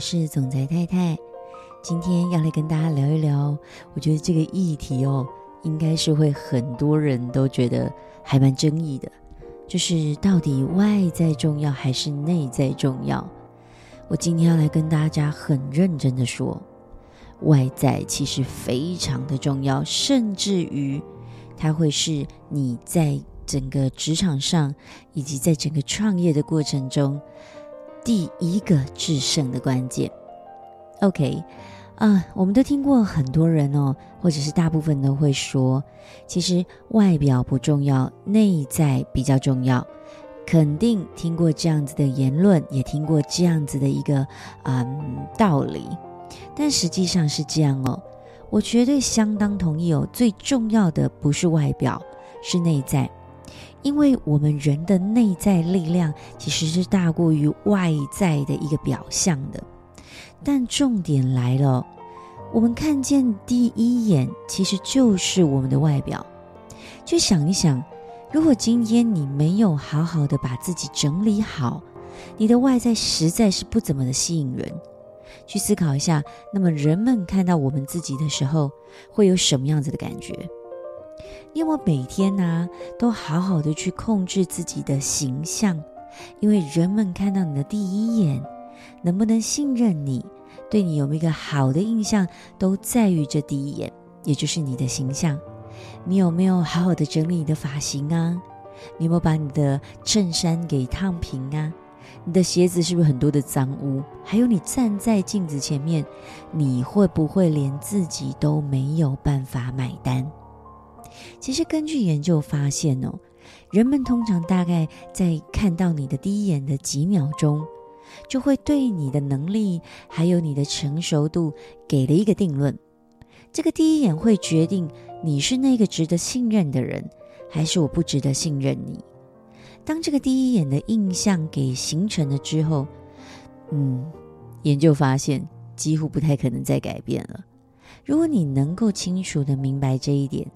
我是總裁太太，今天要來跟大家聊一聊。我覺得這個議題哦，應該是會很多人都覺得還蠻爭議的，就是到底外在重要還是內在重要？我今天要來跟大家很認真的說，外在其實非常的重要，甚至於它會是你在整個職場上，以及在整個創業的過程中，第一個制勝的關鍵，OK，啊、呃，我們都聽過很多人哦，或者是大部分都會說，其實外表不重要，內在比較重要，肯定聽過這樣子的言論，也聽過這樣子的一個嗯道理，但實際上是這樣哦，我絕對相當同意哦，最重要的不是外表，是內在。因為我們人的內在力量其實是大過於外在的一個表象的，但重點來了，我們看見第一眼其實就是我們的外表。去想一想，如果今天你沒有好好的把自己整理好，你的外在實在是不怎麼的吸引人。去思考一下，那麼人們看到我們自己的時候會有什麼樣子的感覺？因為每天呢啊，都好好的去控制自己的形象，因為人們看到你的第一眼，能不能信任你，對你有沒有一個好的印象，都在於這第一眼，也就是你的形象。你有沒有好好的整理你的髮型啊？你有沒有把你的襯衫給燙平啊？你的鞋子是不是很多的髒污？還有你站在鏡子前面，你會不會連自己都沒有辦法買單？其實，根據研究發現哦，人們通常大概在看到你的第一眼的幾秒鐘，就會對你的能力還有你的成熟度給了一個定論。這個第一眼會決定你是那個值得信任的人，還是我不值得信任你。當這個第一眼的印象給形成了之後，嗯，研究發現幾乎不太可能再改變了。如果你能夠清楚地明白這一點。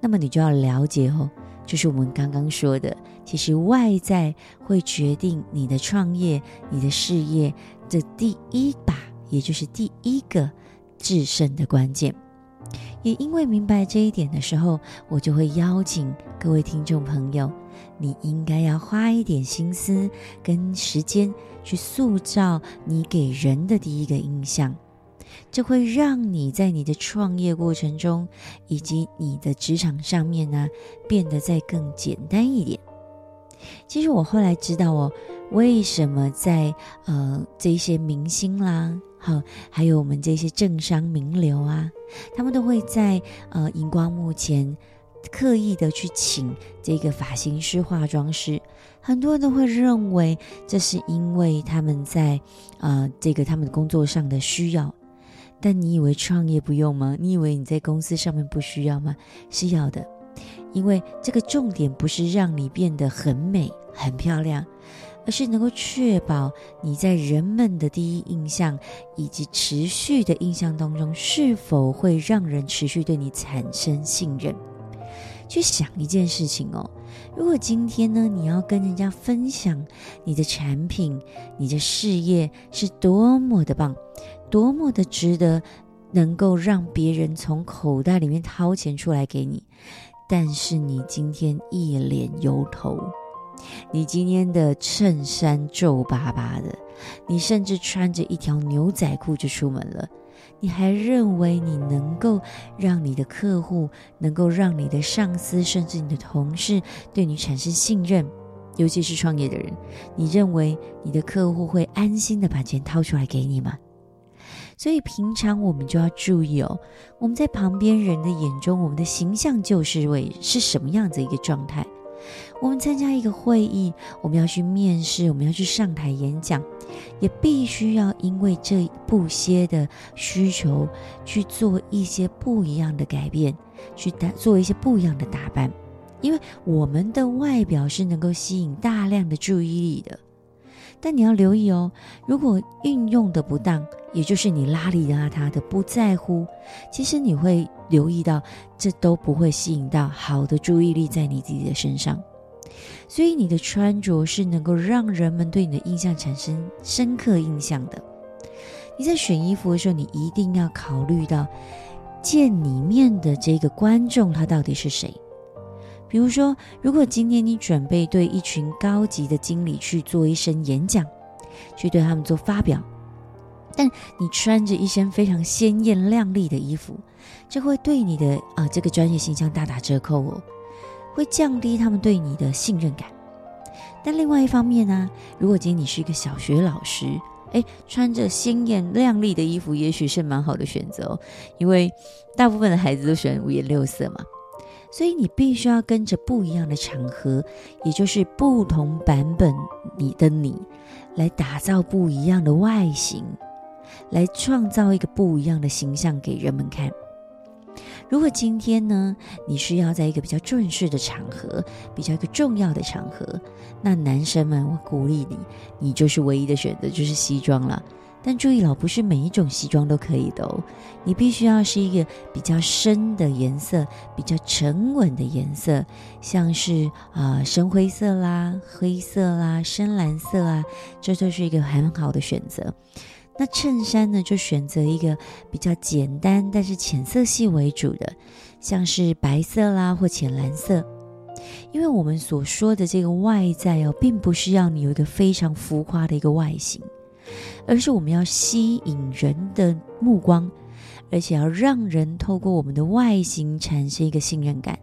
那麼你就要了解哦，就是我們剛剛說的，其實外在會決定你的創業、你的事業的第一把，也就是第一個制勝的關鍵。也因為明白這一點的時候，我就會邀請各位聽眾朋友，你應該要花一點心思跟時間去塑造你給人的第一個印象。這會讓你在你的創業過程中，以及你的職場上面呢、啊，變得再更簡單一點。其實我後來知道哦，為什麼在呃這些明星啦，哈，還有我們這些政商名流啊，他們都會在呃熒光幕前刻意的去請這個髮型師、化妝師，很多人都會認為這是因為他們在呃這個他們工作上的需要。但你以為創業不用嗎？你以為你在公司上面不需要嗎？是要的，因為這個重點不是讓你變得很美、很漂亮，而是能夠確保你在人們的第一印象以及持續的印象當中，是否會讓人持續對你產生信任。去想一件事情哦，如果今天呢，你要跟人家分享你的產品、你的事業是多麼的棒，多麼的值得，能夠讓別人從口袋裡面掏錢出來給你，但是你今天一臉油頭，你今天的襯衫皺巴巴的，你甚至穿着一條牛仔褲就出門了，你還認為你能夠讓你的客戶，能夠讓你的上司，甚至你的同事對你產生信任，尤其是創業的人，你認為你的客戶會安心的把錢掏出來給你嗎？所以平常我們就要注意哦，我們在旁邊人的眼中，我們的形象就是為是什麼樣子一個狀態。我們參加一個會議，我們要去面試，我們要去上台演講，也必須要因為這不些的需求去做一些不一樣的改變，去打，做一些不一樣的打扮，因為我們的外表是能夠吸引大量的注意力的。但你要留意哦，如果運用的不當，也就是你邋裡邋遢的不在乎，其實你會留意到，這都不會吸引到好的注意力在你自己的身上。所以你的穿着是能夠讓人們對你的印象產生深刻印象的。你在選衣服的時候，你一定要考慮到見你面的這個觀眾他到底是誰。比如說，如果今天你準備對一群高級的經理去做一聲演講，去對他們做發表，但你穿着一身非常鮮艷亮麗的衣服，這會對你的啊這個專業形象大打折扣哦，會降低他們對你的信任感。但另外一方面呢、啊，如果今天你是一個小學老師，哎，穿着鮮艷亮麗的衣服，也許是蠻好的選擇哦，因為大部分的孩子都喜歡五顏六色嘛。所以你必須要跟着不一樣的場合，也就是不同版本裡的你，來打造不一樣的外形，來創造一個不一樣的形象給人們看。如果今天呢，你是要在一個比較正式的場合，比較一個重要的場合，那男生們、啊，我鼓勵你，你就是唯一的選擇，就是西裝了。但注意了，不是每一種西裝都可以的哦，你必須要是一個比較深的顏色，比較沉穩的顏色，像是啊、呃、深灰色啦、黑色啦、深藍色啊，這就是一個很好的選擇。那襯衫呢，就選擇一個比較簡單，但是淺色系為主的，像是白色啦或淺藍色，因為我們所說的這個外在哦，並不是要你有一個非常浮誇的一個外形。而是我們要吸引人的目光，而且要讓人透過我們的外形產生一個信任感，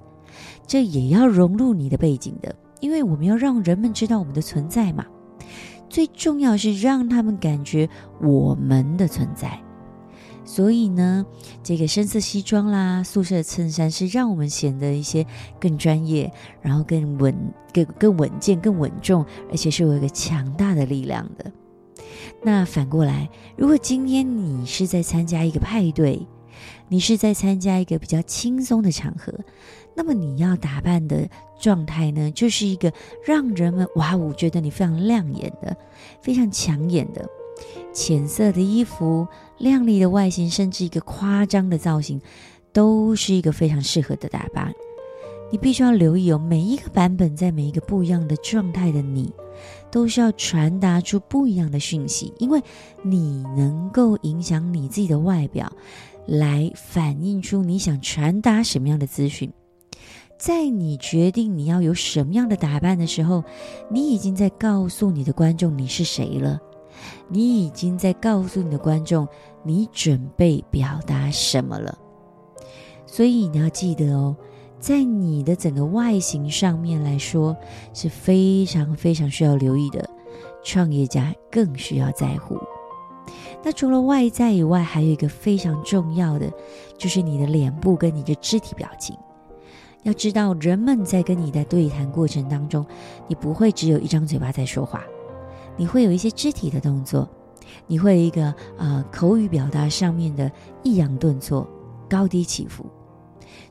這也要融入你的背景的，因為我們要讓人們知道我們的存在嘛。最重要是讓他們感覺我們的存在。所以呢，這個深色西裝啦、素色襯衫是讓我們顯得一些更專業，然後更穩、更更穩健、更穩重，而且是有一個強大的力量的。那反過來，如果今天你是在參加一個派對，你是在參加一個比較輕鬆的場合，那麼你要打扮的狀態呢，就是一個讓人們哇，我覺得你非常亮眼的、非常搶眼的淺色的衣服、亮麗的外型，甚至一個誇張的造型，都是一個非常適合的打扮。你必須要留意哦，每一個版本在每一個不一樣的狀態的你，都需要傳達出不一樣的訊息。因為，你能夠影響你自己的外表，來反映出你想傳達什麼樣的資訊。在你決定你要有什麼樣的打扮的時候，你已經在告訴你的觀眾你是誰了，你已經在告訴你的觀眾你準備表達什麼了。所以你要記得哦。在你的整個外形上面來說，是非常非常需要留意的。創業家更需要在乎。那除了外在以外，還有一個非常重要的，就是你的臉部跟你的肢體表情。要知道，人們在跟你在對談過程當中，你不會只有一張嘴巴在說話，你會有一些肢體的動作，你會有一個啊、呃、口語表達上面的抑揚頓挫、高低起伏。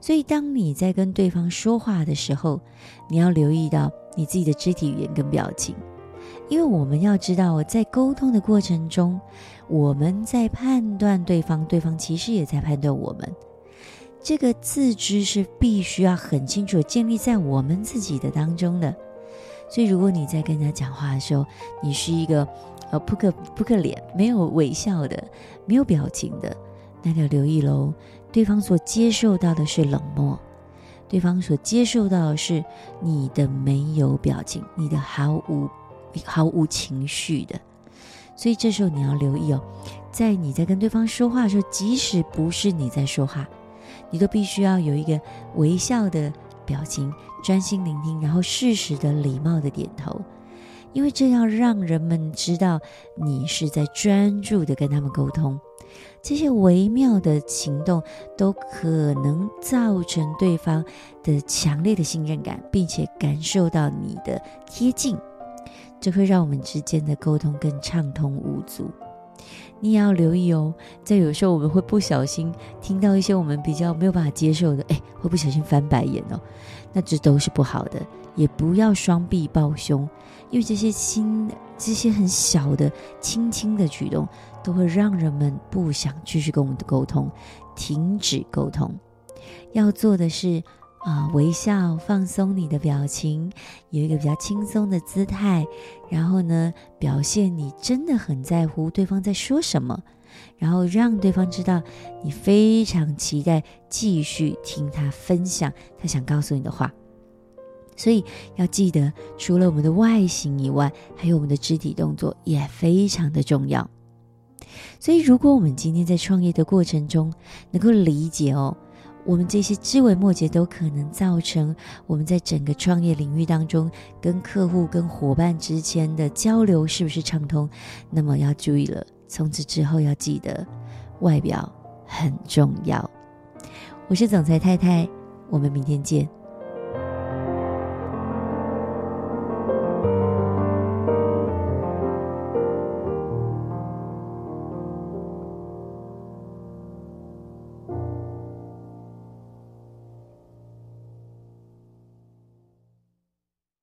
所以，當你在跟對方說話的時候，你要留意到你自己的肢體語言跟表情，因為我們要知道，在溝通的過程中，我們在判斷對方，對方其實也在判斷我們。這個自知是必須要很清楚地建立在我們自己的當中的。所以，如果你在跟他講話的時候，你是一個呃撲克撲克臉，沒有微笑的，沒有表情的，那你要留意嘍。對方所接受到的是冷漠，對方所接受到的是你的沒有表情，你的毫無毫無情緒的。所以這時候你要留意哦，在你在跟對方說話的時候，即使不是你在說話，你都必須要有一個微笑的表情，專心聆聽，然後適時的禮貌的點頭。因為這要讓人們知道，你是在專注的跟他們溝通，這些微妙的行動都可能造成對方的強烈的信任感，並且感受到你的貼近，這會讓我們之間的溝通更暢通無阻。你也要留意哦，在有時候我們會不小心聽到一些我們比較沒有辦法接受的，哎、欸，會不小心翻白眼哦，那這都是不好的，也不要雙臂抱胸，因為這些輕、這些很小的、輕輕的舉動，都會讓人們不想繼續跟我們的溝通，停止溝通。要做的是。啊，微笑，放鬆你的表情，有一個比較輕鬆的姿態，然後呢，表現你真的很在乎對方在說什麼，然後讓對方知道你非常期待繼續聽他分享他想告訴你的話。所以要記得，除了我們的外形以外，還有我們的肢體動作也非常的重要。所以，如果我們今天在創業的過程中能夠理解哦。我們這些枝微末節都可能造成我們在整個創業領域當中跟客戶、跟夥伴之間的交流是不是暢通，那麼要注意了。從此之後要記得，外表很重要。我是總裁太太，我們明天見。